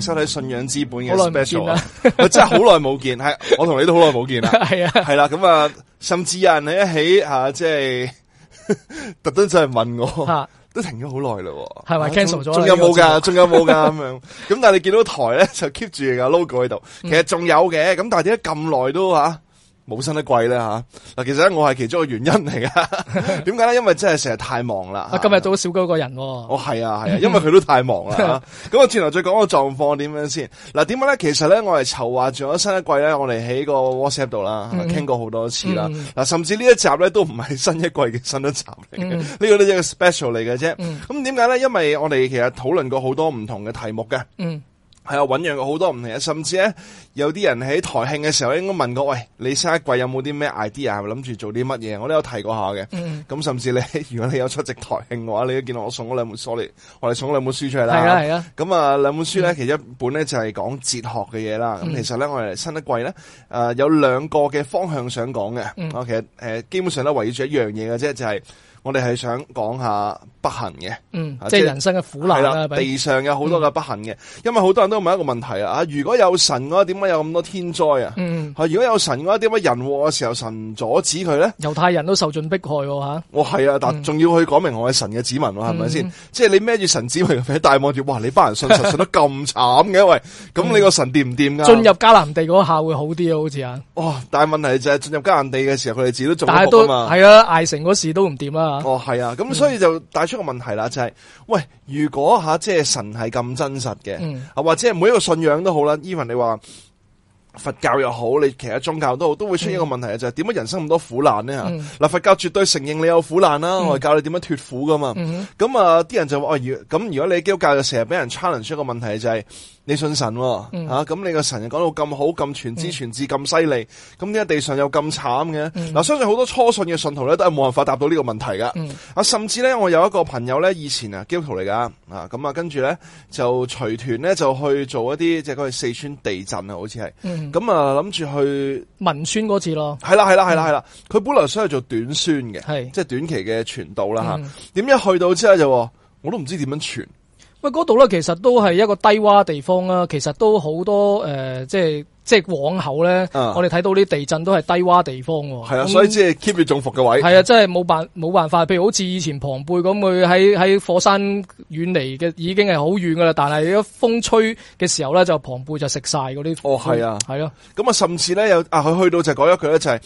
收睇信仰之本嘅 special，我真係好耐冇見，係 我同你都好耐冇見啦，係 是啊，係啦，咁啊，甚至有人喺一起吓、啊，即係特登就嚟問我，都停咗好耐咯，係咪 cancel 咗？仲、啊、cel 有冇噶？仲有冇噶？咁 樣，咁但係你見到台咧就 keep 住個 logo 喺度，其實仲有嘅，咁但係點解咁耐都吓？啊冇新一季咧吓嗱，其實咧我係其中一個原因嚟噶，點解咧？因為真係成日太忙啦、 啊。今日都少咗個人喎、啊。哦，係啊，係啊，因為佢都太忙啦。咁、 啊、我轉頭再講個狀況點樣先嗱？點解咧？其實咧，我哋籌劃做咗新一季咧，我哋喺個 WhatsApp 度啦，傾、嗯、過好多次啦。嗱、嗯，甚至呢一集咧都唔係新一季嘅新一集嚟嘅，呢個都一個 special 嚟嘅啫。咁點解咧？因為我哋其實討論過好多唔同嘅題目嘅。嗯係啊，醖釀過好多唔同嘅，甚至咧有啲人喺台慶嘅時候應該問過：哎「喂，你新一季有冇啲咩 idea？諗住做啲乜嘢？我都有提過下嘅。咁、嗯、甚至你，如果你有出席台慶嘅話，你都見到我送咗兩本書嚟，我哋送咗兩本書出嚟啦。係啊，係啊。咁啊，兩本書咧，嗯、其實一本咧就係講哲學嘅嘢啦。咁、嗯、其實咧，我哋新一季咧、呃，有兩個嘅方向想講嘅。嗯、其實、呃、基本上都圍繞住一樣嘢嘅啫，就係、是、我哋係想講下。不幸嘅，嗯，即係人生嘅苦難啦。地上有好多嘅不幸嘅，因為好多人都問一個問題啊，啊，如果有神嘅話，點解有咁多天災啊？嗯，如果有神嘅話，點解人禍嘅時候神阻止佢咧？猶太人都受盡迫害吓，我係啊，但仲要去講明我係神嘅子民，係咪先？即係你孭住神子民嘅大望住，哇！你班人信神信得咁慘嘅，喂，咁你個神掂唔掂噶？進入迦南地嗰下會好啲啊，好似啊，哇！但係問題就係進入迦南地嘅時候，佢哋自己都做唔到啊嘛，係啊，艾城嗰時都唔掂啦。哦，係啊，咁所以就出個問題啦，就係、是、喂，如果吓即係神係咁真實嘅，啊、嗯、或者係每一個信仰都好啦，Evan 你話佛教又好，你其他宗教都好，都會出現一個問題嘅、嗯、就係點解人生咁多苦難咧吓？嗱、嗯，佛教絕對承認你有苦難啦，嗯、我教你點樣脱苦噶嘛。咁、嗯、啊，啲人就話哦，咁、哎、如果你基督教又成日俾人 challenge 出一個問題就係、是。你信神吓、哦，咁、嗯啊、你個神又講到咁好、咁全知、嗯、全智、咁犀利，咁呢個地上又咁慘嘅，嗱、嗯啊，相信好多初信嘅信徒咧，都係冇辦法答到呢個問題噶。嗯、啊，甚至咧，我有一個朋友咧，以前啊基督徒嚟噶，啊，咁啊，啊，跟住咧就隨團咧就去做一啲，即係佢四川地震啊，好似係，咁、嗯、啊，諗住去汶川嗰次咯，係啦，係啦，係啦，係、嗯、啦，佢本來想係做短宣嘅，係是，即係短期嘅傳道啦吓，點一、嗯啊、去到之後就，我都唔知點樣傳。喂，嗰度咧其實都係一個低洼地方啦，其實都好多誒、呃，即係即係往後咧，嗯、我哋睇到啲地震都係低洼地方。係啊，嗯、所以即係 keep 住中伏嘅位。係啊，即係冇辦冇辦法，譬如好似以前龐貝咁，佢喺喺火山遠離嘅，已經係好遠噶啦。但係一風吹嘅時候咧，就龐貝就食晒嗰啲。哦，係啊，係啊。咁啊，甚至咧有啊，佢去到就講咗佢一齊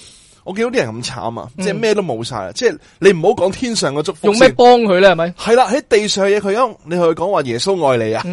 我見到啲人咁慘啊，即係咩都冇晒，啊。即係你唔好講天上嘅祝福，用咩幫佢咧？係咪？係啦，喺地上嘅嘢，佢央你去講話耶穌愛你啊！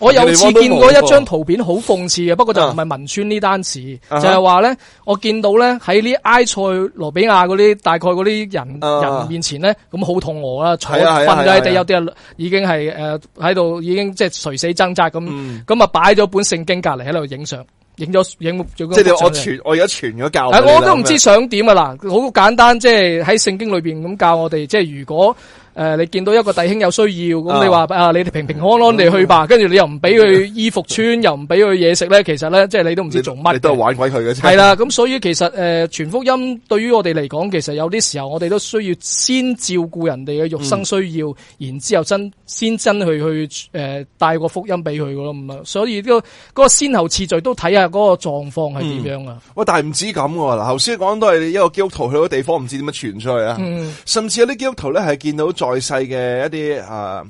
我有次見過一張圖片好諷刺嘅，不過就唔係汶川呢單詞，就係話咧，我見到咧喺呢埃塞羅比亞嗰啲大概嗰啲人人面前咧，咁好肚餓啦，坐瞓低喺地，有啲人已經係誒喺度已經即係垂死掙扎咁，咁啊擺咗本聖經隔籬喺度影相。影咗影即係我傳我而家傳咗教。我都唔知想點啊嗱，好簡單，即係喺聖經裏邊咁教我哋，即係如果誒、呃、你見到一個弟兄有需要，咁你話啊你哋平平安安地去吧，跟住你又唔俾佢衣服穿，又唔俾佢嘢食咧，其實咧即係你都唔知做乜。你都係玩鬼佢嘅。係啦，咁所以其實誒、呃、全福音對於我哋嚟講，其實有啲時候我哋都需要先照顧人哋嘅肉身需要，嗯、然之後真。先真去去誒帶、呃、個福音俾佢咯，咁啊，所以呢個嗰個先後次序都睇下嗰個狀況係點樣啊！喂，但係唔止咁喎，嗱，頭先講都係一個基督徒去個地方，唔知點樣傳出去啊，嗯、甚至有啲基督徒咧係見到在世嘅一啲啊。呃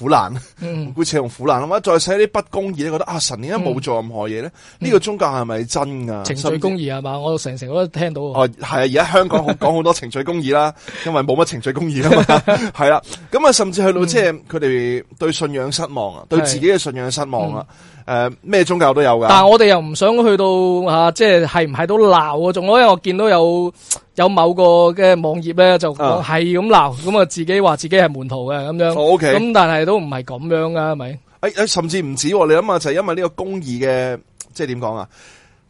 苦難，佢使用苦難啊嘛，再寫啲不公義咧，覺得啊神點解冇做任何嘢咧？呢、嗯、個宗教係咪真㗎？程序公義係嘛？至我成成都聽到。哦，係啊，而家香港講好多程序公義啦， 因為冇乜程序公義啊嘛，係啦，咁啊，甚至去到即係佢哋對信仰失望啊，對自己嘅信仰失望啊。誒，咩、呃、宗教都有噶，但係我哋又唔想去到即係，係唔係都鬧啊？仲，可以我見到有有某個嘅網頁咧，就係咁鬧，咁啊、嗯、自己話自己係門徒嘅咁樣。O K，咁但係都唔係咁樣噶，係咪？誒、哎哎、甚至唔止，你諗下就係、是、因為呢個公義嘅，即係點講啊？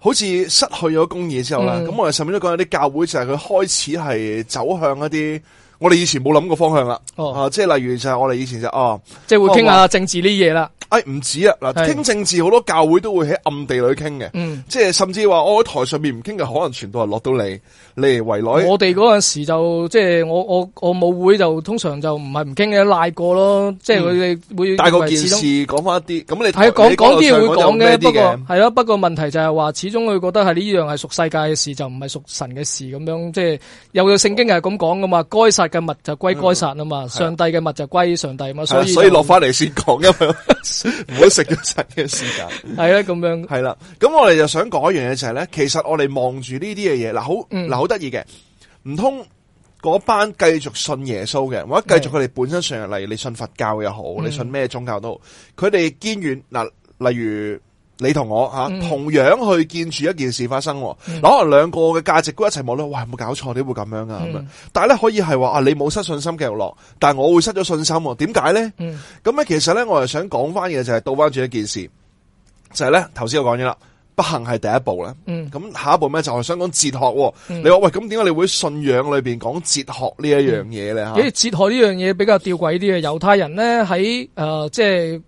好似失去咗公義之後啦，咁、嗯、我哋甚至都講有啲教會就係佢開始係走向一啲。我哋以前冇諗過方向啦，啊，即係例如就係我哋以前就啊，即係會傾下政治呢啲嘢啦。哎，唔止啊，嗱，傾政治好多教會都會喺暗地裏傾嘅，即係甚至話我喺台上面唔傾嘅，可能全部係落到你，你圍內。我哋嗰陣時就即係我我我母會就通常就唔係唔傾嘅，賴過咯，即係佢哋會帶過件事講翻一啲。咁你喺講講嘢會講嘅，不過係咯，不過問題就係話，始終佢覺得係呢樣係屬世界嘅事，就唔係屬神嘅事咁樣。即係又有聖經係咁講噶嘛，該嘅物就歸該撒啊嘛，上帝嘅物就歸上帝啊嘛，的所以落翻嚟先講，因為唔好食咗神嘅時間。係啊，咁樣係啦，咁我哋就想講一樣嘢就係、是、咧，其實我哋望住呢啲嘅嘢，嗱好嗱好得意嘅，唔通嗰班繼續信耶穌嘅，或者繼續佢哋本身上嚟，的你信佛教又好，嗯、你信咩宗教都好，佢哋堅遠嗱，例如。你同我、嗯、同樣去見住一件事發生，嗱可能兩個嘅價值觀一齊望咧，喂，有冇搞錯？點會咁樣㗎、啊？咁、嗯、但係咧可以係話啊，你冇失信心繼續落，但係我會失咗信心喎？點解咧？咁咧、嗯，其實咧，我係想講翻嘢就係倒翻轉一件事，就係咧頭先我講咗啦，不幸係第一步咧。咁、嗯、下一步咩？就係想講哲學。嗯、你話喂，咁點解你會信仰裏面講哲學一呢一樣嘢咧？嚇、嗯，因為哲學呢樣嘢比較吊詭啲嘅，猶太人咧喺、呃、即係。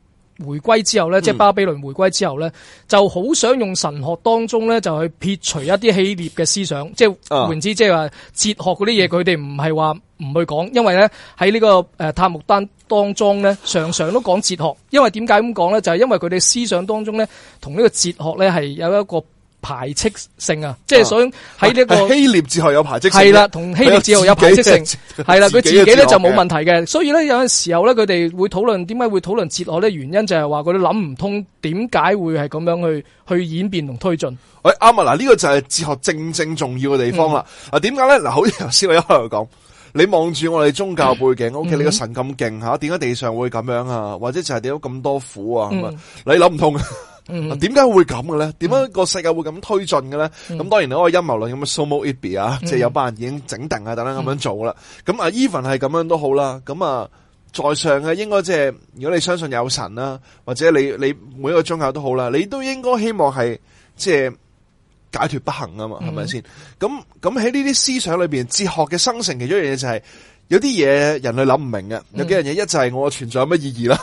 回歸之後咧，即係巴比倫回歸之後呢，嗯、就好想用神學當中呢，就去撇除一啲希臘嘅思想，即係換言之，即係話哲學嗰啲嘢，佢哋唔係話唔去講，因為呢喺呢個誒塔木德當中呢，常常都講哲學，因為點解咁講呢？就係、是、因為佢哋思想當中呢，同呢個哲學呢，係有一個。排斥性啊，即係想喺呢個希臘哲，哲學有排斥性，係啦，同希臘哲學有排斥性，係啦，佢自己咧就冇問題嘅。所以咧有陣時候咧，佢哋會討論點解會討論哲學咧，原因就係話佢哋諗唔通點解會係咁樣去去演變同推進。喂、哎，啱啊，嗱、這、呢個就係哲學正正重要嘅地方啦。啊、嗯，點解咧？嗱，好似頭先我一路講，你望住我哋宗教背景、嗯、，OK，你個神咁勁吓，點解地上會咁樣啊？或者就係點解咁多苦啊？咁啊、嗯，你諗唔通？點解、嗯嗯、會咁嘅咧？點解個世界會咁推進嘅咧？咁、嗯、當然呢，我係陰謀論咁嘅，Somo It Be 啊，嗯、即係有班人已經整定啊，等等咁樣做啦。咁啊，Even 係咁樣都好啦。咁啊，在上嘅應該即係，如果你相信有神啦，或者你你每一個宗教都好啦，你都應該希望係即係解脫不幸啊嘛，係咪先？咁咁喺呢啲思想裏邊，哲學嘅生成其中一樣嘢就係、是。有啲嘢人類諗唔明嘅，有幾樣嘢一就係我存在有乜意義啦？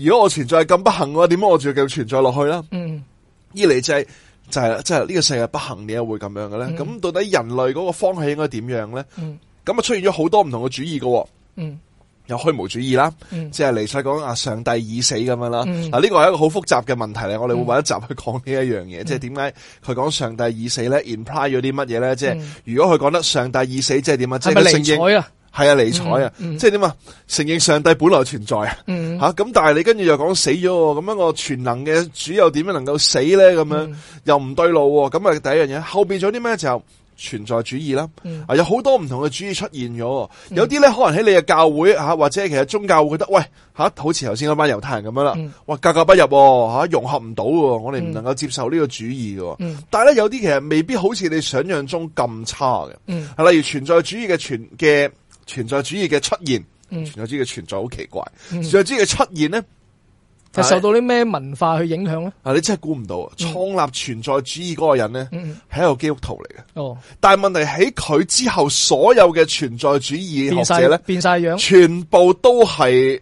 如果我存在咁不幸嘅話，點解我仲要繼續存在落去啦？二嚟就係就係即係呢個世界不幸，你又會咁樣嘅咧？咁到底人類嗰個方向應該點樣咧？咁啊出現咗好多唔同嘅主義噶，有虛無主義啦，即係嚟晒講啊上帝已死咁樣啦。嗱呢個係一個好複雜嘅問題咧，我哋會揾一集去講呢一樣嘢，即係點解佢講上帝已死咧？imply 咗啲乜嘢咧？即係如果佢講得上帝已死，即係點啊？即係啊？係啊，理睬啊，嗯嗯、即係點啊？承認上帝本來存在、嗯、啊，吓咁，但係你跟住又講死咗，咁樣個全能嘅主又點樣能夠死咧？咁樣、嗯、又唔對路，咁啊，就第一樣嘢，後邊仲有啲咩就存在主義啦，嗯、啊，有好多唔同嘅主義出現咗，有啲咧可能喺你嘅教會吓、啊，或者其實宗教會覺得喂吓、啊，好似頭先嗰班猶太人咁樣啦，嗯、哇，格格不入吓、啊啊，融合唔到、啊，我哋唔能夠接受呢個主義嘅，嗯、但係咧有啲其實未必好似你想象中咁差嘅，係、嗯、例如存在主義嘅存嘅。存在主義嘅出現，存在主義嘅存在好奇怪，存在主義嘅出現咧，就受到啲咩文化去影響咧？啊，你真係估唔到，創立存在主義嗰個人咧，係一個基督徒嚟嘅。哦，但係問題喺佢之後所有嘅存在主義學者咧，變晒樣，全部都係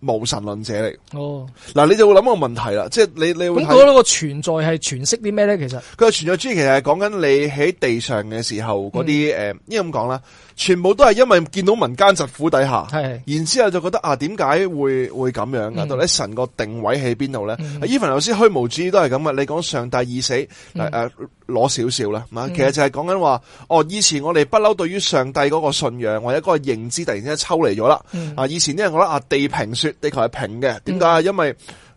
無神論者嚟。哦，嗱，你就會諗個問題啦，即係你你咁嗰個存在係詮釋啲咩咧？其實佢個存在主義其實係講緊你喺地上嘅時候嗰啲誒，因為咁講啦。全部都係因為見到民間疾苦底下，係的，然之後就覺得啊，點解會會咁樣，啊嗯、到底神個定位喺邊度咧？伊凡老師虛無主義都係咁嘅。你講上帝已死，誒誒、嗯，攞少少啦。點點嗯、其實就係講緊話，哦，以前我哋不嬲對於上帝嗰個信仰或者嗰個認知突然之間抽離咗啦。嗯、啊，以前啲人覺得啊，地平說，地球係平嘅，點解？嗯、因為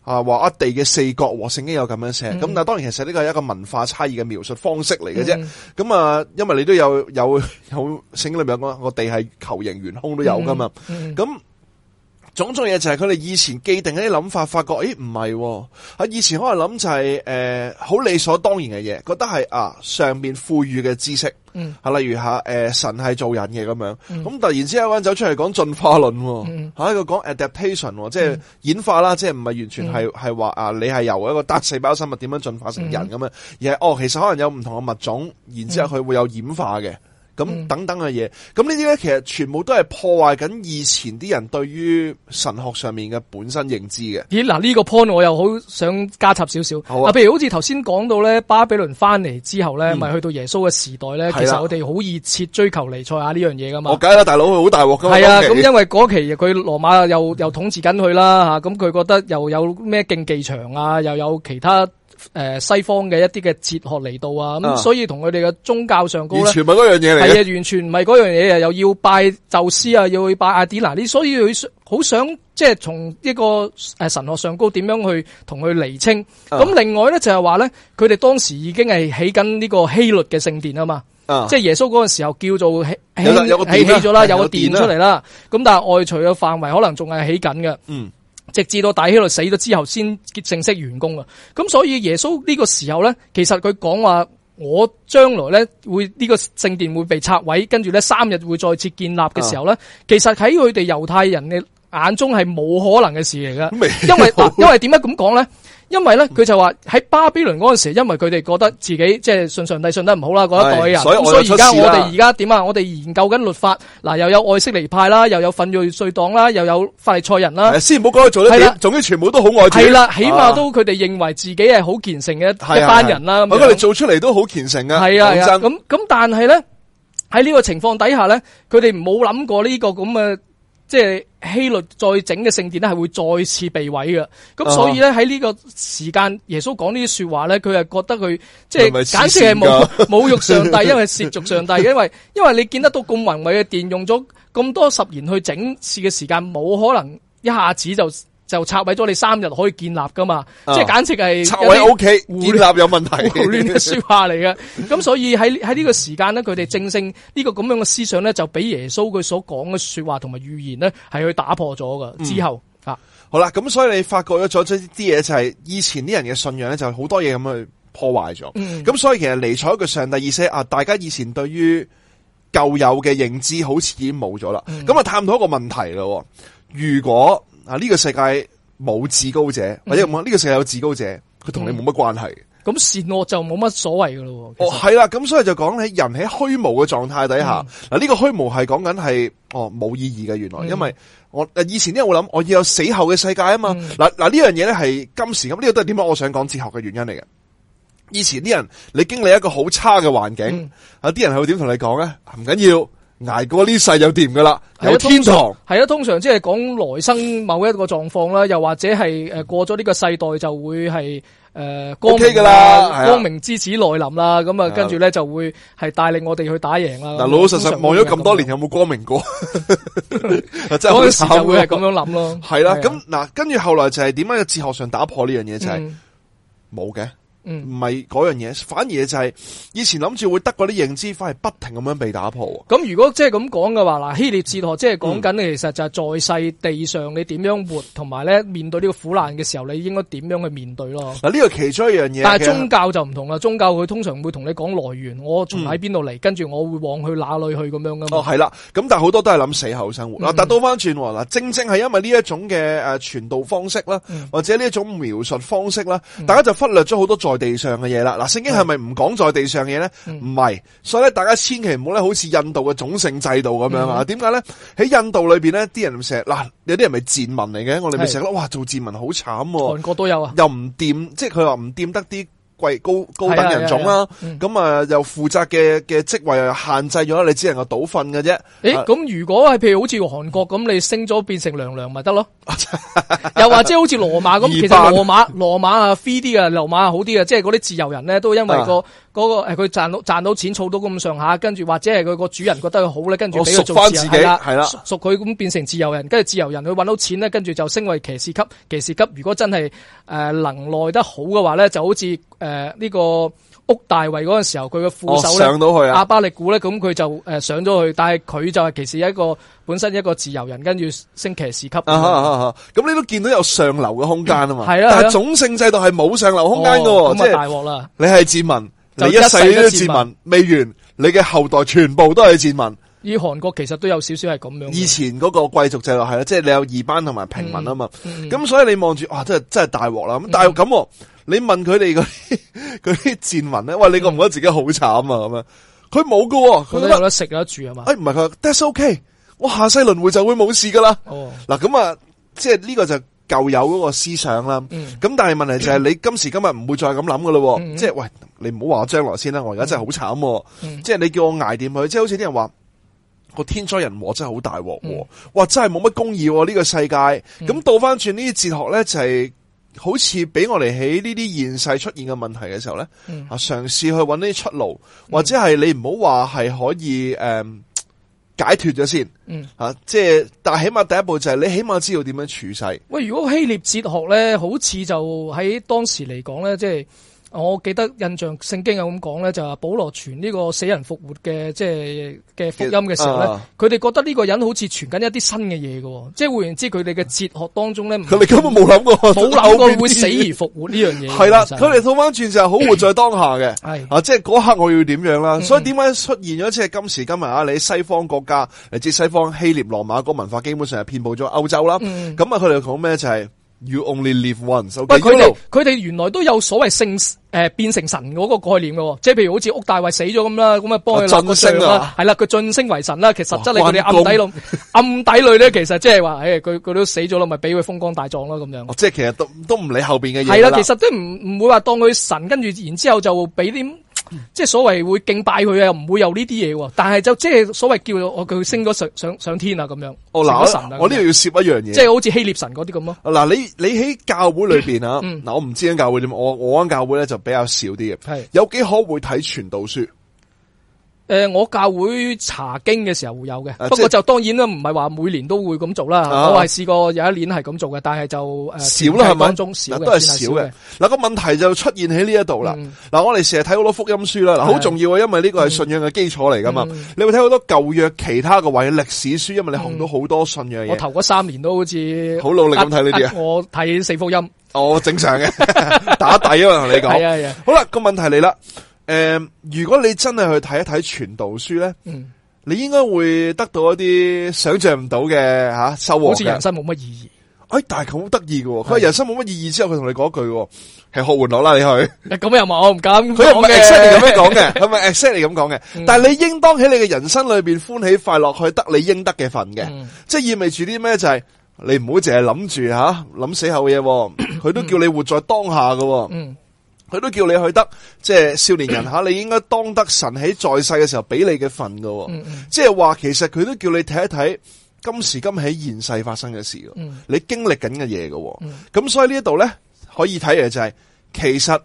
啊！話一地嘅四角和聖經有咁樣寫，咁、嗯、但當然其實呢個係一個文化差異嘅描述方式嚟嘅啫。咁啊、嗯，因為你都有有有聖經裏面講，個地係球形圓空都有㗎嘛。咁、嗯嗯種種嘢就係佢哋以前既定一啲諗法，發覺誒唔係，喎、哦。以前可能諗就係誒好理所當然嘅嘢，覺得係啊上面賦予嘅知識，嗯、例如吓誒、啊呃、神係做人嘅咁樣，咁、嗯、突然之間走出嚟講進化論、哦，吓一個、嗯、講、啊、adaptation，、哦、即係演化啦，嗯、即係唔係完全係係話啊你係由一個單細胞生物點樣進化成人咁樣，嗯、而係哦其實可能有唔同嘅物種，然之後佢會有演化嘅。咁等等嘅嘢，咁呢啲咧，其實全部都係破壞緊以前啲人對於神學上面嘅本身認知嘅。咦，嗱呢個 point 我又好想加插少少。好啊，啊、譬如好似頭先講到咧，巴比倫翻嚟之後咧，咪、嗯、去到耶穌嘅時代咧，的其實我哋好熱切追求彌賽亞呢樣嘢噶嘛。我梗啦，大佬好大鑊噶。係啊，咁因為嗰期佢羅馬又又統治緊佢啦吓，咁佢覺得又有咩競技場啊，又有其他。誒，西方嘅一啲嘅哲學嚟到啊，咁所以同佢哋嘅宗教上高，完全唔係嗰樣嘢嚟。係啊，完全唔係嗰樣嘢啊，又要拜宙斯啊，要去拜阿典娜，你所以佢好想即係從一個誒神學上高點樣去同佢厘清。咁、啊、另外咧就係話咧，佢哋當時已經係起緊呢個希律嘅聖殿啊嘛，啊即係耶穌嗰個時候叫做了、啊、起起起咗啦，有個殿出嚟啦，咁、啊、但係外除嘅範圍可能仲係起緊嘅。嗯。直至到大希律死咗之後，先正式完工啊！咁所以耶穌呢個時候咧，其實佢講話我將來咧會呢個聖殿會被拆毀，跟住咧三日會再次建立嘅時候咧，啊、其實喺佢哋猶太人嘅眼中係冇可能嘅事嚟噶，因為因為點解咁講咧？因為咧，佢就話喺巴比倫嗰陣時，因為佢哋覺得自己即係信上帝信得唔好啦，嗰一代人。所以我出事啦。所以而家我哋而家點啊？我哋研究緊律法，嗱，又有愛色尼派啦，又有奮銳黨啦，又有法利賽人啦。先唔好講佢做得點，總之全部都好愛主。係啦，起碼都佢哋認為自己係好虔誠嘅一班人啦。我覺得佢做出嚟都好虔誠啊。係啊，咁咁，但係咧喺呢個情況底下咧，佢哋冇諗過呢個咁嘅。即係希律再整嘅聖殿咧，係會再次被毀嘅。咁所以咧喺呢、uh huh. 個時間，耶穌講呢啲說話咧，佢係覺得佢即係簡直係侮侮辱上帝， 因為褻瀆上帝。因為因為你見得到咁宏偉嘅殿，用咗咁多十年去整設嘅時間，冇可能一下子就，就拆毀咗你三日可以建立噶嘛？啊、即係簡直係拆毀 OK，建立有問題。胡亂嘅說話嚟嘅，咁 所以喺喺呢個時間呢，佢哋正正呢個咁樣嘅思想呢，就俾耶穌佢所講嘅說話同埋預言呢，係去打破咗噶之後、嗯、啊，好啦，咁所以你發覺咗咗一啲嘢，就係以前啲人嘅信仰呢，就好多嘢咁去破壞咗。咁、嗯、所以其實尼采一個上帝意識，而且啊，大家以前對於舊有嘅認知，好似已經冇咗啦。咁啊、嗯，就探討一個問題咯。如果啊！呢、這個世界冇至高者，嗯、或者呢個世界有至高者，佢同你冇乜關係。咁、嗯嗯、善惡就冇乜所謂噶咯。哦，係啦，咁所以就講起人喺虛無嘅狀態底下，嗱呢個虛無係講緊係哦冇意義嘅。原來、嗯，因為我、啊、以前啲人會諗，我要有死後嘅世界啊嘛。嗱嗱呢樣嘢咧係今時咁，呢個都係點解我想講哲學嘅原因嚟嘅。以前啲人，你經歷一個好差嘅環境，有啲、嗯啊、人係會點同你講咧？唔緊要。挨過呢世有掂噶啦，有天堂。係啊，通常即係講來生某一個狀況啦，又或者係誒過咗呢個世代就會係誒 o 噶啦，呃、光，明光明之子來臨啦。咁啊的，跟住咧就會係帶領我哋去打贏啦。嗱的，老老實實望咗咁多年，有冇光明過？嗰的 時就會係咁樣諗咯。係啦，咁嗱，跟住後來就係點樣喺哲學上打破呢樣嘢就係冇嘅。嗯唔係嗰樣嘢，反而就係以前諗住會得嗰啲認知，反而不停咁樣被打破。咁如果即係咁講嘅話，嗱《希臘哲學》即係講緊，其實就係在世地上你點樣活，同埋咧面對呢個苦難嘅時候，你應該點樣去面對咯。嗱呢個其中一樣嘢，但係宗教就唔同啦。其實、宗教佢通常會同你講來源，我仲喺邊度嚟，跟住、嗯、我會往去哪裏去咁樣噶嘛。哦，係啦。咁但係好多都係諗死後生活。嗱、嗯，但倒返轉嗱，正正係因為呢一種嘅誒傳道方式啦，嗯、或者呢一種描述方式啦，嗯、大家就忽略咗好多在地上嘅嘢啦，嗱聖經係咪唔講在地上嘅嘢咧？唔係，所以咧大家千祈唔好咧，好似印度嘅種姓制度咁樣啊！點解咧？喺印度裏邊咧，啲人成日嗱有啲人咪賤民嚟嘅，我哋咪成日哇做賤民好慘，韓國都有啊，又唔掂，即係佢話唔掂得啲。貴高高等人種啦，咁啊，啊，啊，啊、嗯、又負責嘅嘅職位又限制咗，你只能夠倒瞓嘅啫。誒、啊，咁如果係譬如好似韓國咁，你升咗變成娘娘咪得咯？ 又話即係好似羅馬咁，二分 其實羅馬羅馬啊，free 啲啊，羅馬好啲啊，即係嗰啲自由人咧都因為個。啊嗰、那個誒，佢賺到賺到錢，儲到咁上下，跟住或者係佢個主人覺得佢好咧，跟住俾佢做自，熟自己，人啦的，係啦的，贖佢咁變成自由人，跟住自由人佢搵到錢咧，跟住就升為騎士級。騎士級如果真係誒、呃、能耐得好嘅話咧，就好似誒呢個屋大維嗰陣時候佢嘅副手、哦、上到咧、啊，阿巴力古咧，咁佢就誒、呃、上咗去，但係佢就係騎士一個本身一個自由人，跟住升騎士級。咁、uh huh, uh huh. 你都見到有上流嘅空間啊嘛，係啦、嗯，但係種姓制度係冇上流空間嘅，即係大鑊啦。你係自民。嗯你,一,你一世都賤民，未完，你嘅後代全部都係賤民。而韓國其實都有少少係咁樣。以前嗰個貴族制度係啦，即係、就是、你有二班同埋平民啊嘛。咁、嗯嗯嗯嗯、所以你望住，哇，真係真係大鑊啦。咁但係咁，你問佢哋嗰啲賤民咧，喂，你覺唔覺得自己好慘啊？咁樣、嗯，佢冇噶，佢有,有得食得住啊嘛。哎，唔係佢話，That's OK，我下世輪回就會冇事噶啦。哦，嗱咁啊，即係呢個就是。舊有嗰個思想啦，咁、嗯、但係問題就係你今時今日唔會再咁諗噶咯，即係、嗯就是、喂，你唔好話我將來先啦，我而家真係好慘，即係、嗯、你叫我挨掂佢，即、就、係、是、好似啲人話個天災人禍真係好大鑊，嗯、哇，真係冇乜公義呢、這個世界，咁、嗯、倒翻轉呢啲哲學呢，就係、是、好似俾我哋喺呢啲現世出現嘅問題嘅時候呢，啊嘗試去揾啲出路，或者係你唔好話係可以誒。嗯解脫咗先，吓、嗯，即係、啊，但係起碼第一步就係你起碼知道點樣處世。喂，如果希臘哲學咧，好似就喺當時嚟講咧，即係。我記得印象聖經有咁講咧，就係保羅傳呢個死人復活嘅即係嘅福音嘅時候咧，佢哋、嗯、覺得呢個人好似傳緊一啲新嘅嘢嘅，即係換言之，佢哋嘅哲學當中咧，佢哋根本冇諗過，冇諗過會死而復活呢樣嘢。係啦 的，佢哋套翻轉就係好活在當下嘅，係啊， 即係嗰刻我要點樣啦。嗯、所以點解出現咗即係今時今日啊？你西方國家，嚟自西方希臘羅馬嗰文化，基本上係遍布咗歐洲啦。咁啊、嗯，佢哋講咩就係、是？You only live once okay。喂，佢哋佢哋原來都有所謂聖誒變成神嗰個概念嘅，即係譬如好似屋大維死咗咁啦，咁啊幫佢晉升啦、啊，係啦，佢晉升為神啦。其實真係你佢哋暗底囉暗底裏咧，關公 裡其實即係話，唉、哎，佢佢都死咗啦，咪俾佢風光大葬咯，咁樣。哦、即係其實都都唔理後邊嘅嘢啦。係啦，其實都唔唔會話當佢神，跟住然之後就俾啲。嗯、即係所謂會敬拜佢啊，唔會有呢啲嘢，但係就即係所謂叫我佢升咗上上上天啊咁樣。哦、我嗱，神啊，我呢度要攝一樣嘢，即係好似希臘神嗰啲咁咯。嗱、哦，你你喺教會裏邊、嗯、啊，嗱，我唔知喺教會點，我我間教會咧就比較少啲嘅，係是有幾可會睇傳道書。誒，我教會查經嘅時候會有嘅，不過就當然啦，唔係話每年都會咁做啦。我係試過有一年係咁做嘅，但係就誒少啦，係咪？當中少都係少嘅。嗱，個問題就出現喺呢一度啦。嗱，我哋成日睇好多福音書啦，嗱，好重要啊，因為呢個係信仰嘅基礎嚟㗎嘛。你會睇好多舊約其他嘅，或者歷史書，因為你學到好多信仰嘢。我頭嗰三年都好似好努力咁睇呢啲啊。我睇四福音，哦，正常嘅打底啊，同你講。係啊係啊。好啦，個問題嚟啦。誒，如果你真係去睇一睇傳道書咧，嗯、你應該會得到一啲想象唔到嘅吓收穫。啊、好似人生冇乜意義，哎，但係佢好得意嘅，佢是人生冇乜意義之後，佢同你講一句，係學玩樂啦，你去。咁、啊、又不是我唔敢。佢唔係 exactly 咁樣講嘅，唔係 exactly 咁講嘅。嗯、但係你應當喺你嘅人生裏邊歡喜快樂去得你應得嘅份嘅，嗯、即係意味住啲咩？就係你唔好淨係諗住吓諗死後嘢，佢、嗯、都叫你活在當下嘅。嗯。嗯佢都叫你去得，即、就、係、是、少年人吓， 你應該當得神喺在世嘅時候俾你嘅份噶，即係話其實佢都叫你睇一睇今時今起現世發生嘅事， 嗯、你經歷緊嘅嘢噶，咁、 嗯、所以這裡呢一度咧可以睇嘅就係、是，其實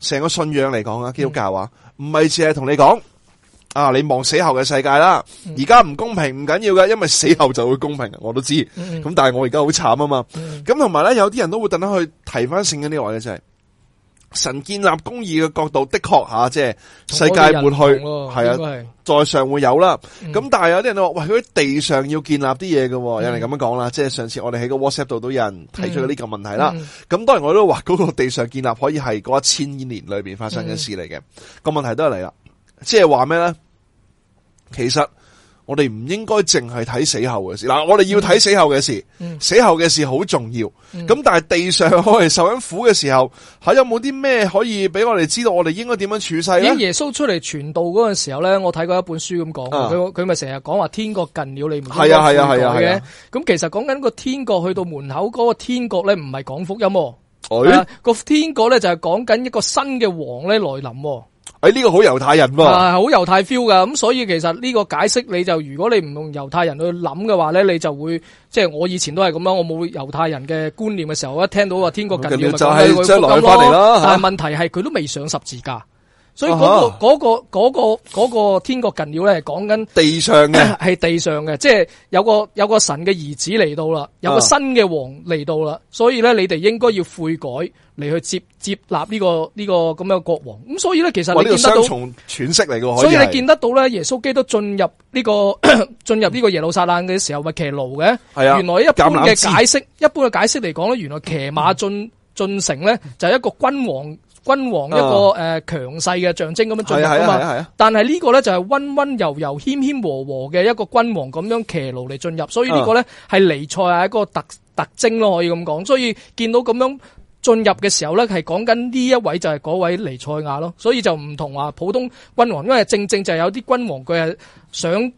成個信仰嚟講啊，基督教啊，唔係、 嗯、淨係同你講啊，你望死後嘅世界啦，而家唔公平唔緊要噶，因為死後就會公平，我都知道，咁、 嗯、但係我而家好慘啊嘛，咁同埋咧有啲人都會特登去提翻聖經呢話嘅就係、是。神建立公義嘅角度的確吓、啊，即係世界末去係啊，在上會有啦。咁、嗯、但係有啲人話喂，佢喺地上要建立啲嘢嘅，嗯、有人咁樣講啦。即係上次我哋喺個 WhatsApp 度都有人提出咗呢個問題啦。咁、嗯嗯、當然我都話嗰個地上建立可以係嗰一千年裏邊發生嘅事嚟嘅。個、嗯、問題都係嚟啦，即係話咩咧？其實。我哋唔應該淨係睇死後嘅事，嗱，我哋要睇死後嘅事，嗯嗯、死後嘅事好重要。咁、嗯、但係地上我哋受緊苦嘅時候，係有冇啲咩可以俾我哋知道我哋應該點樣處世咧？耶穌出嚟傳道嗰陣時候咧，我睇過一本書咁講，佢佢咪成日講話天國近了你唔係，係啊係啊係啊嘅。咁、啊啊、其實講緊個天國去到門口嗰個天國咧，唔係講福音，佢個、哎啊、天國咧就係講緊一個新嘅王咧來臨。誒，呢、哎這個好猶太人喎、哦，係好猶、啊、太 feel 噶，咁、嗯、所以其實呢個解釋，你就如果你唔用猶太人去諗嘅話咧，你就會即係我以前都係咁樣，我冇猶太人嘅觀念嘅時候，一聽到話天國近了就咪講佢。但係問題係佢都未上十字架。所以嗰、那個嗰、uh huh. 那個嗰、那個嗰、那個那個天國近了咧，講緊地上嘅係 地上嘅，即、就、係、是、有個有個神嘅兒子嚟到啦，uh huh. 有個新嘅王嚟到啦，所以咧你哋應該要悔改嚟去接接納呢、這個呢、這個咁樣嘅國王。咁所以咧，其實你見得到，這個、喘息所以你見得到咧，耶穌基督進入呢、這個進 入呢個耶路撒冷嘅時候騎，咪騎驢嘅。係啊，原來一般嘅解釋，一般嘅解釋嚟講咧，原來騎馬進進城咧就係一個君王。君王一個誒，強勢嘅象徵咁樣進入啊嘛，嗯、但係呢個咧就係温温柔柔、謙謙和和嘅一個君王咁樣騎驢嚟進入，所以呢個咧係尼賽亞一個特特徵咯，可以咁講。所以見到咁樣進入嘅時候咧，係講緊呢一位就係嗰位尼賽亞咯，所以就唔同話普通君王，因為正正就係有啲君王佢係想。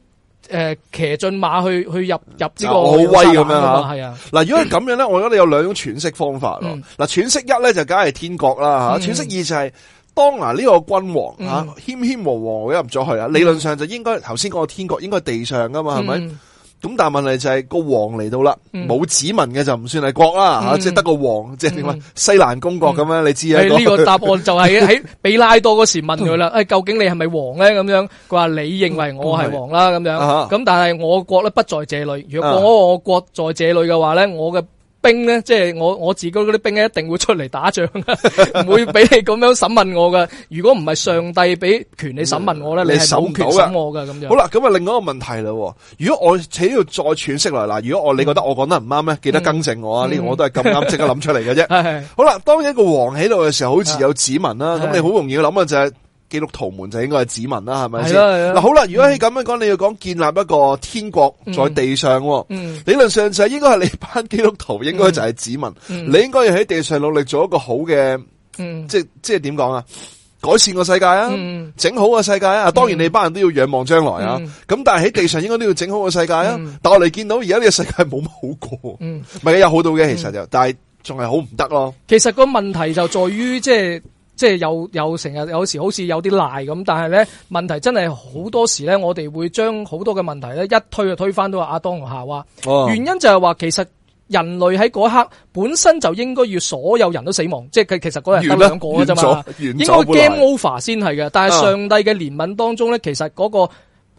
誒，騎駿、呃、馬去去入入呢、這個好威咁樣啊！係南啊，嗱的，如果係咁樣咧，我覺得你有兩種詮釋方法咯。嗱、嗯，詮釋一咧就梗係天國啦吓，詮釋、嗯、二就係、是、當嗱、啊、呢、這個君王吓謙謙和和入咗去啊，理論上就應該頭先講個天國應該地上噶嘛，係咪、嗯？咁但係問題就係、是、個王嚟到啦，冇指紋嘅就唔算係國啦吓、嗯啊，即係得個王，即係點話西蘭公國咁樣，你知啊？呢、那個、個答案就係喺彼拉多嗰時問佢啦，誒， 究竟你係咪王咧？咁樣佢話你認為我係王啦，咁、 嗯、是樣，咁、啊、但係我國咧不在這裏，如果我我國在這裏嘅話咧，我嘅。兵咧，即係我我自己嗰啲兵咧，一定會出嚟打仗，唔 會俾你咁樣審問我噶。如果唔係上帝俾權你審問我咧，你守唔到噶。樣好啦，咁啊，另外一個問題啦。如果我喺度再詮釋落嚟嗱，如果我、嗯、你覺得我講得唔啱咧，記得更正我啊。呢、嗯、個我都係咁啱即刻諗出嚟嘅啫。係係 的。好啦，當一個王喺度嘅時候，好似有指紋啦，咁的你好容易諗嘅就係、是。基督徒們就應該係子民啦，係咪先？嗱，好啦，如果你咁樣講，你要講建立一個天國在地上，理論上就係應該係你班基督徒應該就係子民，你應該要喺地上努力做一個好嘅，即係即係點講啊？改善個世界啊，整好個世界啊！當然你班人都要仰望將來啊，咁但係喺地上應該都要整好個世界啊。但係我哋見到而家呢個世界冇乜好過，咪有好到嘅其實就，但係仲係好唔得咯。其實個問題就在於即係。即係又又成日有時好似有啲賴咁，但係咧問題真係好多時咧，我哋會將好多嘅問題咧一推就推返到阿當和夏娃。啊、原因就係話，其實人類喺嗰刻本身就應該要所有人都死亡，即係其實嗰日得兩個啫嘛，原原原應該 game over 先係嘅。了但係上帝嘅憐憫當中咧，啊、其實嗰、嗰個。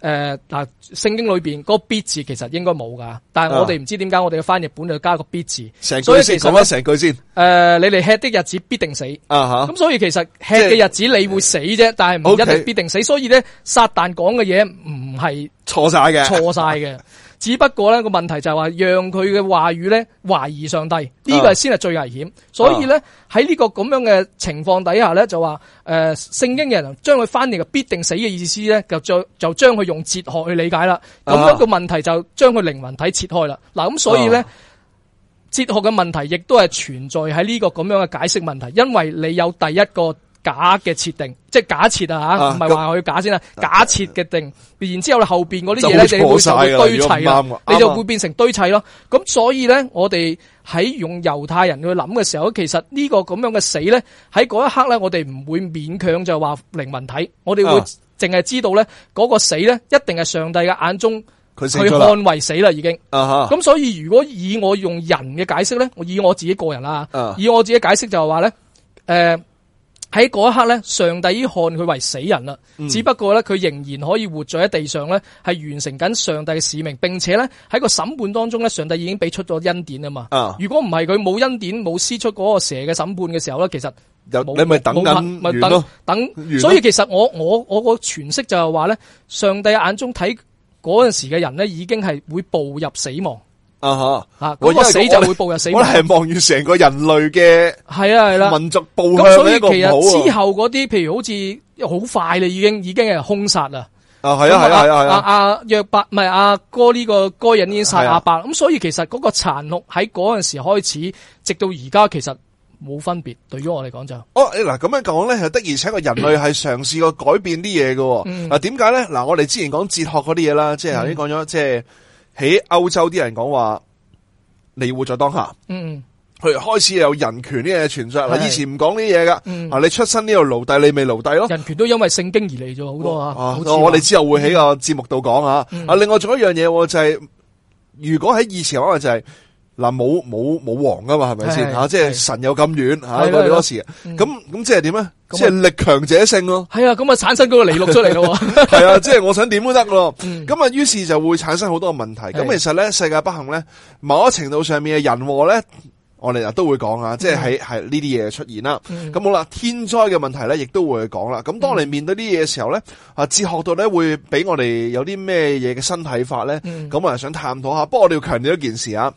誒嗱、呃，聖經裏邊嗰個必字其實應該冇㗎，但係我哋唔知點解我哋嘅翻譯本就加個必字，成句先講翻成句先。誒、呃，你嚟吃的日子必定死。啊哈，咁、嗯、所以其實吃嘅日子你會死啫，啊、但係唔一定必定死。Okay, 所以咧，撒旦講嘅嘢唔係錯晒嘅，錯晒嘅。錯 只不過呢個問題就係話，讓佢嘅話語呢懷疑上帝，呢個係先係最危險。Uh huh. 所以呢，喺呢個咁樣嘅情況底下呢就話誒，聖經嘅人將佢翻譯嘅必定死嘅意思呢，就就將佢用哲學去理解啦。咁、uh huh. 樣個問題就將佢靈魂體切開啦。嗱咁所以呢，uh huh. 哲學嘅問題亦都係存在喺呢個咁樣嘅解釋問題，因為你有第一個。假嘅設定，即係假設啊吓，唔係話我要假先啦。假設嘅定，然之後咧後邊嗰啲嘢咧，你就會堆砌啦，你就會變成堆砌咯。咁所以咧，我哋喺用猶太人去諗嘅時候，其實呢個咁樣嘅死咧，喺嗰一刻咧，我哋唔會勉強就係話靈魂體，我哋會淨係知道咧嗰個死咧，一定係上帝嘅眼中去捍衛死啦，已經。啊哈！咁所以如果以我用人嘅解釋咧，我以我自己個人啦，以我自己解釋就係話咧，誒。喺嗰一刻咧，上帝已經看佢為死人啦。只不過咧，佢仍然可以活在喺地上咧，係完成緊上帝嘅使命，並且咧喺個審判當中咧，上帝已經俾出咗恩典啊嘛。如果唔係佢冇恩典冇施出嗰個蛇嘅審判嘅時候咧，其實有冇你咪等完等完等等，所以其實我我我個詮釋就係話咧，上帝眼中睇嗰陣時嘅人呢，已經係會步入死亡。啊吓吓，uh huh. 死就會步入死我，我來係望住成個人類嘅係啊係啦，民族步向咁，所以其實之後嗰啲，譬如好似好快啦，已經已經係凶殺啦。啊係啊係啊係啊，阿阿約伯唔係阿哥呢個哥人已經晒阿伯。咁所以其實嗰個殘酷喺嗰陣時開始，直到而家其實冇分別。對於我嚟講就哦，嗱咁樣講咧，又的而且確人類係嘗試過改變啲嘢噶。嗱點解咧？嗱、啊啊、我哋之前講哲學嗰啲嘢啦，即係頭先講咗即係。喺歐洲啲人講話，你活在當下。嗯，嗯，佢開始有人權呢樣嘢存在啦。是以前唔講呢嘢噶。嗯、啊，你出身呢個奴隸，你未奴隸咯？人權都因為聖經而嚟咗好多啊。好，我我哋之後會喺個節目度講吓。嗯嗯啊，另外仲有一樣嘢，就係、是、如果喺以前話、就是，我哋就係。嗱冇冇冇王噶嘛，係咪先吓？即係神有咁遠吓，嗰啲嗰時，咁咁即係點咧？即係力強者勝咯。係啊，咁啊產生嗰個紀錄出嚟咯。係啊，即係我想點都得咯。咁啊，於是就會產生好多個問題。咁其實咧，世界不幸咧，某一程度上面嘅人禍咧，我哋啊都會講啊，即係係呢啲嘢出現啦。咁好啦，天災嘅問題咧，亦都會去講啦。咁當你面對呢啲嘢嘅時候咧，啊哲學度咧會俾我哋有啲咩嘢嘅新睇法咧？咁啊想探討下。不過我哋要強調一件事啊。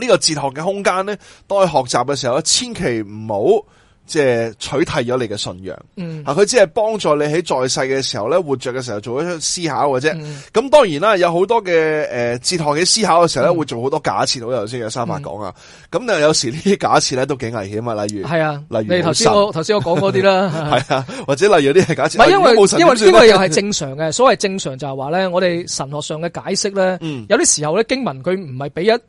呢個哲學嘅空間咧，當去學習嘅時候咧，千祈唔好。即係取替咗你嘅信仰，吓佢只係幫助你喺在世嘅時候咧，活着嘅時候做一啲思考嘅啫。咁當然啦，有好多嘅誒哲學嘅思考嘅時候咧，會做好多假設，好頭先嘅三伯講啊。咁但係有時呢啲假設咧都幾危險啊。例如，係啊，例如頭先我頭先我講嗰啲啦，係啊，或者例如啲係假設，唔係因為因為呢個又係正常嘅。所謂正常就係話咧，我哋神學上嘅解釋咧，有啲時候咧經文佢唔係俾一完，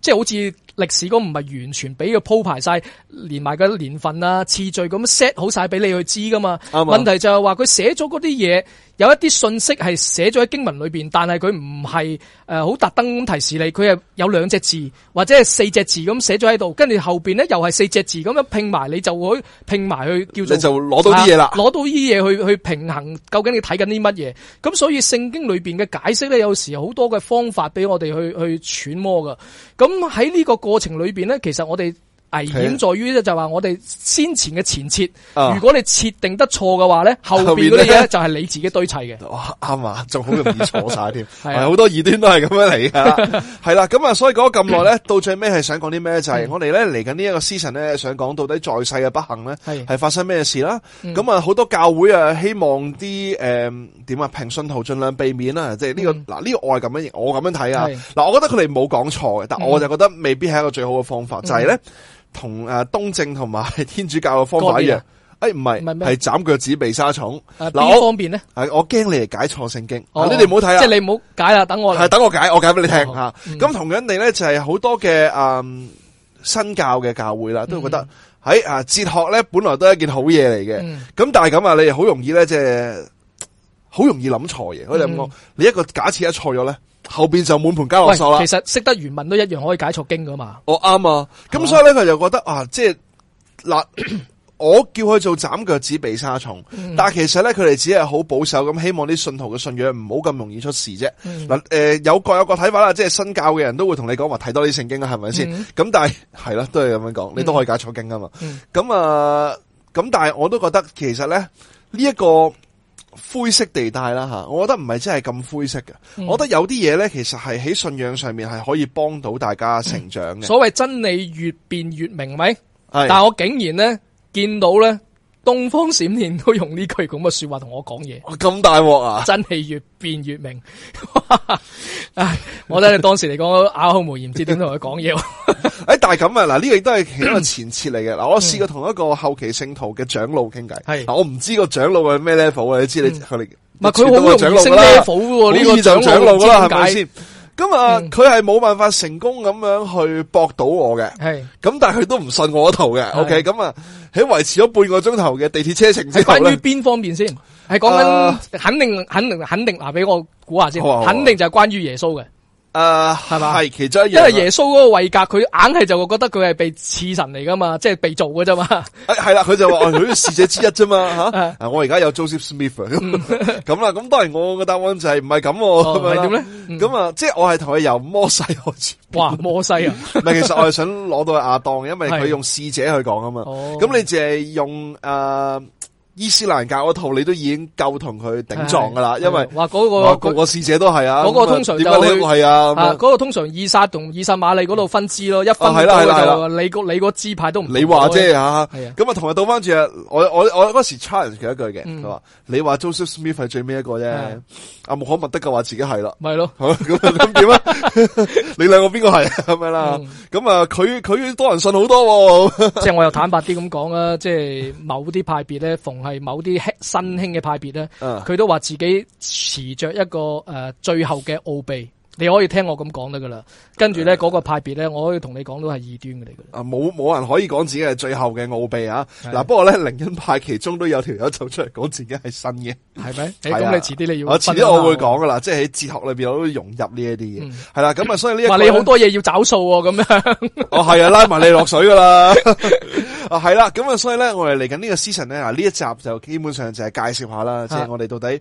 即係好似。歷史嗰唔係完全俾佢鋪排曬，連埋個年份啊、次序咁 set 好曬俾你去知噶嘛？吧問題就係話佢寫咗嗰啲嘢，有一啲信息係寫咗喺經文裏邊，但係佢唔係誒好特登咁提示你，佢係有兩隻字或者係四隻字咁寫咗喺度，跟住後面呢，又係四隻字咁樣拼埋，你就會拼埋去叫做攞到啲嘢啦，攞、啊、到啲嘢去去平衡，究竟你睇緊啲乜嘢？咁所以聖經裏邊嘅解釋呢，有時好多嘅方法俾我哋去去揣摩噶。咁喺呢個。過程裏邊咧，其實我哋。危險在於咧，就係話我哋先前嘅前設，如果你設定得錯嘅話咧，後邊嗰啲嘢就係你自己堆砌嘅。哇，啱啊，仲好容易錯晒添，係好多異端都係咁樣嚟㗎，係啦，咁啊，所以講咗咁耐咧，到最尾係想講啲咩？就係我哋咧嚟緊呢一個 season 咧，想講到底在世嘅不幸咧，係發生咩事啦？咁啊，好多教會啊，希望啲誒點啊，平信徒盡量避免啦，即係呢個嗱，呢個我係咁樣我咁樣睇啊。嗱，我覺得佢哋冇講錯嘅，但我就覺得未必係一個最好嘅方法，就係咧。同誒東正同埋天主教嘅方法一樣，誒唔係，係斬腳趾、避沙蟲。嗱，邊方便咧？係我驚你哋解錯聖經。哦，你哋唔好睇啊！即係你唔好解啦，等我係等我解，我解俾你聽吓。咁同樣地咧，就係好多嘅誒新教嘅教會啦，都會覺得喺啊哲學咧本來都係一件好嘢嚟嘅。咁但係咁啊，你哋好容易咧即係。好容易諗錯嘢，佢就咁講。你一個假設一錯咗咧，後邊就滿盤皆落手啦。其實識得原文都一樣可以解錯經噶嘛。我啱、哦、啊，咁、啊、所以咧佢就覺得啊，即係嗱，咳咳我叫佢做斬腳趾避沙蟲，嗯、但係其實咧佢哋只係好保守，咁希望啲信徒嘅信仰唔好咁容易出事啫。嗱、嗯，誒、呃、有各有各睇法啦，即係新教嘅人都會同你講話睇多啲聖經啊，係咪先？咁、嗯、但係係啦，都係咁樣講，你都可以解錯經噶嘛。咁、嗯、啊，咁但係我都覺得其實咧呢一、這個。灰色地帶啦吓，我覺得唔係真係咁灰色嘅，嗯、我覺得有啲嘢呢，其實係喺信仰上面係可以幫到大家成長嘅。所謂真理越變越明，係咪？係，但我竟然呢，見到呢。東方閃電都用呢句咁嘅說話同我講嘢，咁大鑊啊！真係越變越明， 唉！我真係當時嚟講，啞口、 啊、無言，唔知點同佢講嘢。誒， 但係咁啊，嗱、這個，呢個亦都係一個前設嚟嘅。嗱，我試過同一個後期聖徒嘅長老傾偈，係是我唔知個長老係咩 level 啊，你知你佢哋唔係佢好容易升 level 嘅、啊，呢個長老啦係咪先？咁啊，佢係冇辦法成功咁樣去駁到我嘅，係咁是但係佢都唔信我一套嘅，OK，咁是啊喺維持咗半個鐘頭嘅地鐵車程之後係關於邊方面先？係講緊肯定、肯定、肯定，嗱、啊、俾我估下先，哦、肯定就係關於耶穌嘅。誒，係嘛？係其中一樣，因為耶穌嗰個位格，佢硬係就會覺得佢係被賜神嚟噶嘛，即係被做嘅啫嘛。誒，係啦，佢就話佢都侍者之一啫嘛吓。啊，我而家有 Joseph Smith 咁咁啦，咁當然我嘅答案就係唔係咁，係點咧？咁啊，即係我係同佢由摩西開始。哇，摩西啊！唔係，其實我係想攞到亞當，因為佢用侍者去講啊嘛。咁你淨係用誒？伊斯蘭教嗰套你都已經夠同佢頂撞噶啦，因為話嗰個個使者都係啊，嗰個通常都係啊，嗰個通常以撒同以撒馬利嗰度分支咯，一分開就你嗰你嗰支派都唔你話啫吓，咁啊同埋倒翻住啊，我我我嗰時 challenge 佢一句嘅，佢話你話 Joseph Smith 係最尾一個啫，阿穆罕默德夠話自己係啦，係咯，咁咁點啊？你兩個邊個係係咪啦？咁啊佢佢多人信好多，即係我又坦白啲咁講啊，即係某啲派別咧係某啲新興嘅派別咧，佢都話自己持着一個誒，最後嘅奧秘。你可以聽我咁講得噶啦，跟住咧嗰個派別咧，我可以同你講都係異端嘅嚟嘅。啊，冇冇人可以講自己係最後嘅奧秘啊！嗱的、啊，不過咧，靈恩派其中都有條友走出嚟講自己係新嘅，係咪嗎？咁的、欸、你遲啲你要，我遲啲我會講噶啦，我即係喺哲學裏邊我都融入、嗯、一呢一啲嘢。係啦，咁啊，所以呢一個，話你好多嘢要找數咁樣。哦，係啊，拉埋你落水噶啦。啊，係啦，咁啊，所以咧，我哋嚟緊呢個 season 咧，嗱呢一集就基本上就係介紹下啦，即係的我哋到底。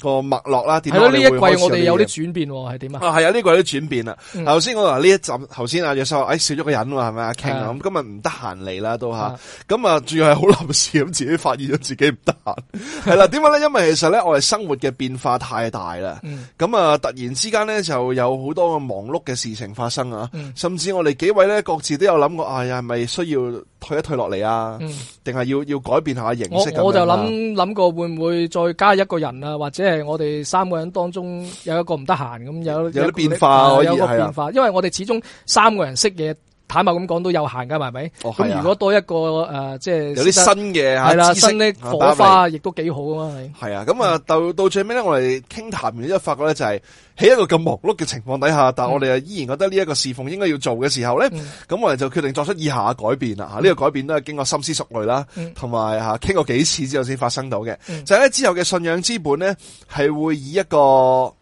個脈絡啦，點解呢一季我哋有啲轉變，係點啊？啊，係啊，呢季有啲轉變啦。頭先我話呢一陣，頭先阿約修，哎少咗個人喎，係咪阿 King 咁今日唔得閒嚟啦，都吓。咁啊，仲要係好臨時咁自己發現咗自己唔得閒。係啦，點解咧？因為其實咧，我哋生活嘅變化太大啦。咁啊，突然之間咧就有好多嘅忙碌嘅事情發生啊。甚至我哋幾位咧，各自都有諗過，哎呀，係咪需要退一退落嚟啊？定係要要改變下形式？我我就諗諗過會唔會再加一個人啊？或者即係我哋三個人當中有一個唔得閒咁，有一個有啲變化可以，有個變化，啊、因為我哋始終三個人識嘢。坦白咁講都有限㗎，係咪？咁、哦啊、如果多一個誒、呃，即係有啲新嘅啦、啊、新啲火花亦都幾好啊！係。係啊，咁啊到到最尾咧，我哋傾談，談完之後，發覺咧就係、是、喺一個咁忙碌嘅情況底下，但係我哋啊依然覺得呢一個侍奉應該要做嘅時候咧，咁、嗯、我哋就決定作出以下改變啦吓、嗯啊呢個改變都係經過深思熟慮啦，同埋吓傾過幾次之後先發生到嘅，嗯、就係咧之後嘅信仰之本咧係會以一個。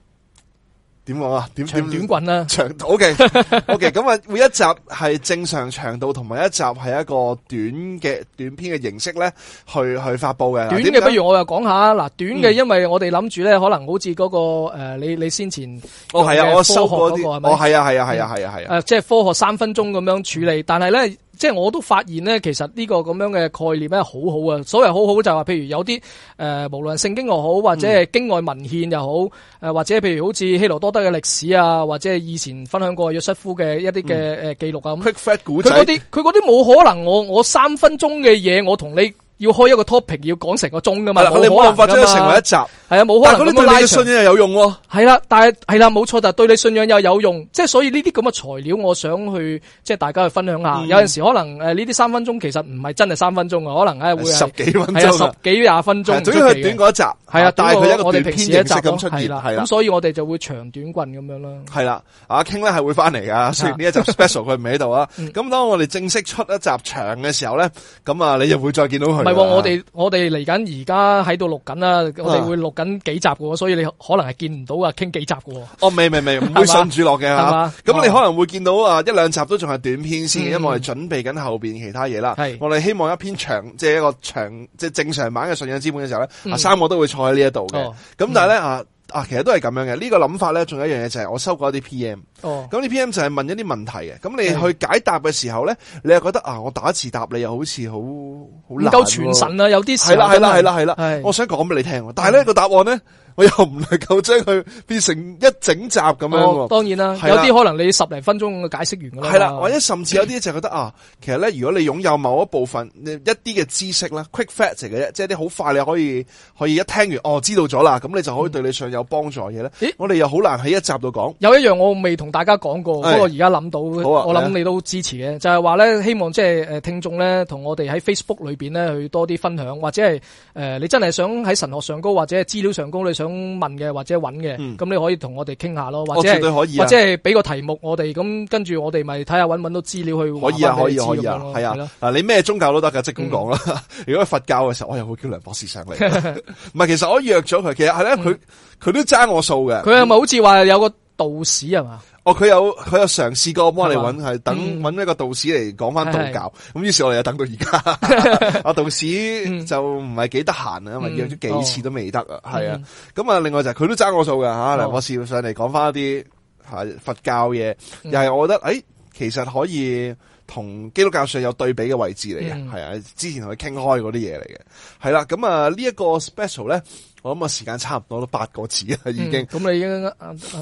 點講啊？長短棍啊？長度。O K，O K，咁啊，每一集係正常長度，同埋一集係一個短嘅、短篇嘅形式咧，去去發佈嘅。短嘅的不如我又講下啦。短嘅，因為我哋諗住咧，可能好似嗰、那個誒、呃，你你先前、那個、哦係啊，我收嗰個哦係啊係啊係啊係啊係啊，誒、啊，即係科學三分鐘咁樣處理，但係咧。即係我都發現咧，其實呢個咁樣嘅概念咧，好好啊！所謂好好就係話譬如有啲誒、呃，無論聖經又好，或者係經外文獻又好，誒、呃、或者譬如好似希羅多德嘅歷史啊，或者係以前分享過約瑟夫嘅一啲嘅誒記錄啊咁。即係嗰啲，佢嗰啲佢嗰啲冇可能我，我我三分鐘嘅嘢，我同你。要開一個 topic，要講成個鐘噶嘛，冇、啊、可能噶嘛。即成為一集，係啊，冇可能。但係嗰啲對你嘅信仰又有用喎。係啦，但係係啦，冇錯，但係對你信仰又有用，即係所以呢啲咁嘅材料，我想去即係大家去分享一下。嗯、有陣時候可能誒呢啲三分鐘其實唔係真係三分鐘，可能喺會係十幾分鐘，十幾廿分鐘。只要係短嗰一集，係啊，但係佢一個短篇一集咁出現，係咁，所以我哋就會長短棍咁樣啦。係啦，阿、啊、King 咧係會翻嚟噶，雖然呢一集 special 佢唔喺度啊。咁 當我哋正式出一集長嘅時候咧，咁啊你就會再見到佢。唔係喎，我哋我哋嚟緊而家喺度錄緊啦，我哋會錄緊幾集嘅。啊、所以你可能係見唔到啊，傾幾集嘅。哦，未未未，唔會順住落嘅吓。咁 吧吧你可能會見到啊，一兩集都仲係短篇先，嗯、因為我哋準備緊後邊其他嘢啦。係是，我哋希望一篇長，即係一個長，即係正常版嘅信仰之本嘅時候咧，啊、嗯，三個都會坐喺、啊、呢一度嘅。咁但係咧啊啊，其實都係咁樣嘅。呢、這個諗法咧，仲有一樣嘢就係我收過一啲 PM。哦，咁呢 P M 就係問一啲問題嘅，咁你去解答嘅時候咧，你又覺得啊，我打字答你又好似好好唔夠全神啊，有啲係啦係啦係啦係啦，我想講俾你聽，但係呢個答案咧，我又唔能夠將佢變成一整集咁樣。當然啦，有啲可能你十零分鐘嘅解釋完啦。係啦，或者甚至有啲就覺得啊，其實咧，如果你擁有某一部分一啲嘅知識咧，quick fact 嘅啫，即係啲好快你可以可以一聽完哦，知道咗啦，咁你就可以對你上有幫助嘅嘢咧。咦，我哋又好難喺一集度講。有一樣我未同。同大家講過，不過而家諗到，我諗你都支持嘅，就係話咧，希望即係誒聽眾咧，同我哋喺 Facebook 裏邊咧去多啲分享，或者係誒你真係想喺神學上高或者係資料上高你想問嘅或者揾嘅，咁你可以同我哋傾下咯，或者或者係俾個題目，我哋咁跟住我哋咪睇下揾唔揾到資料去可以啊，可以可以啊，係啊嗱，你咩宗教都得噶，即咁講啦。如果係佛教嘅時候，我又會叫梁博士上嚟。唔係，其實我約咗佢，其實係咧，佢佢都爭我數嘅。佢係咪好似話有個？道士係嘛？哦，佢有佢有嘗試過幫你嚟揾，係等揾一個道士嚟講翻道教。咁於是我哋又等到而家，阿道士就唔係幾得閒啊，因為約咗幾次都未得啊。係啊，咁啊，另外就係佢都爭我數㗎。吓。嗱，我試上嚟講翻一啲佛教嘢，又係我覺得誒，其實可以同基督教上有對比嘅位置嚟嘅。係啊，之前同佢傾開嗰啲嘢嚟嘅。係啦，咁啊，呢一個 special 咧。咁啊，時間差唔多都八個字啦，已經。咁你啊，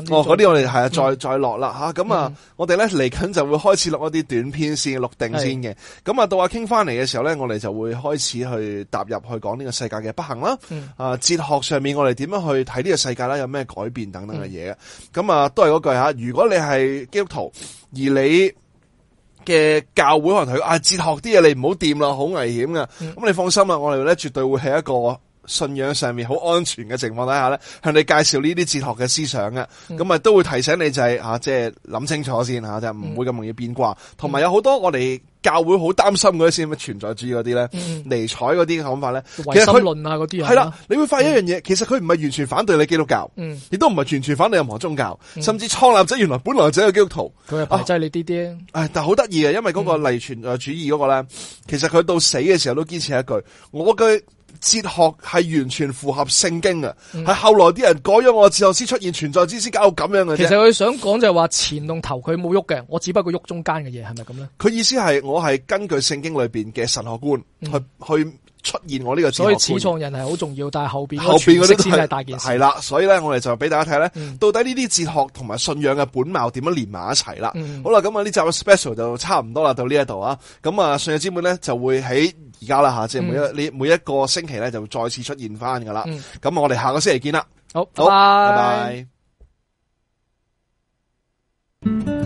哦，嗰啲我哋係啊，再再落啦吓。咁啊，我哋咧嚟緊就會開始錄一啲短片先，錄定先嘅。咁啊，到阿傾翻嚟嘅時候咧，我哋就會開始去踏入去講呢個世界嘅不幸啦。啊，哲學上面我哋點樣去睇呢個世界啦？有咩改變等等嘅嘢。咁啊，都係嗰句吓，如果你係基督徒，而你嘅教會可能佢啊，哲學啲嘢你唔好掂啦，好危險噶。咁你放心啊，我哋咧絕對會係一個。信仰上面好安全嘅情況底下咧，向你介紹呢啲哲學嘅思想嘅，咁啊都會提醒你就係吓，即係諗清楚先吓，就唔會咁容易變卦。同埋有好多我哋教會好擔心嗰啲先存在主義嗰啲咧，尼采嗰啲嘅諗法咧，其實唯心論呀嗰啲係啦，你會發現一樣嘢，其實佢唔係完全反對你基督教，亦都唔係完全反對任何宗教，甚至創立者原來本來就係基督徒，啊，即係你啲啲，唉，但好得意嘅，因為嗰個尼存在主義嗰個咧，其實佢到死嘅時候都堅持一句，我嘅。哲學係完全符合聖經嘅，係、嗯、後來啲人改咗我之後先出現存在之先搞到咁樣嘅。其實佢想講就係話前同頭佢冇喐嘅，我只不過喐中間嘅嘢，係咪咁咧？佢意思係我係根據聖經裏邊嘅神學觀、嗯、去去。出現我呢個，所以始創人係好重要，但係後邊後邊嗰啲先係大件事。係啦，所以咧，我哋就俾大家睇咧，到底呢啲哲學同埋信仰嘅本貌點樣連埋一齊啦。好啦，咁啊呢集嘅 special 就差唔多啦，到呢一度啊。咁啊，信仰之本咧就會喺而家啦吓，即係每一每、嗯、每一個星期咧就會再次出現翻噶啦。咁、嗯、我哋下個星期見啦。好好，拜拜。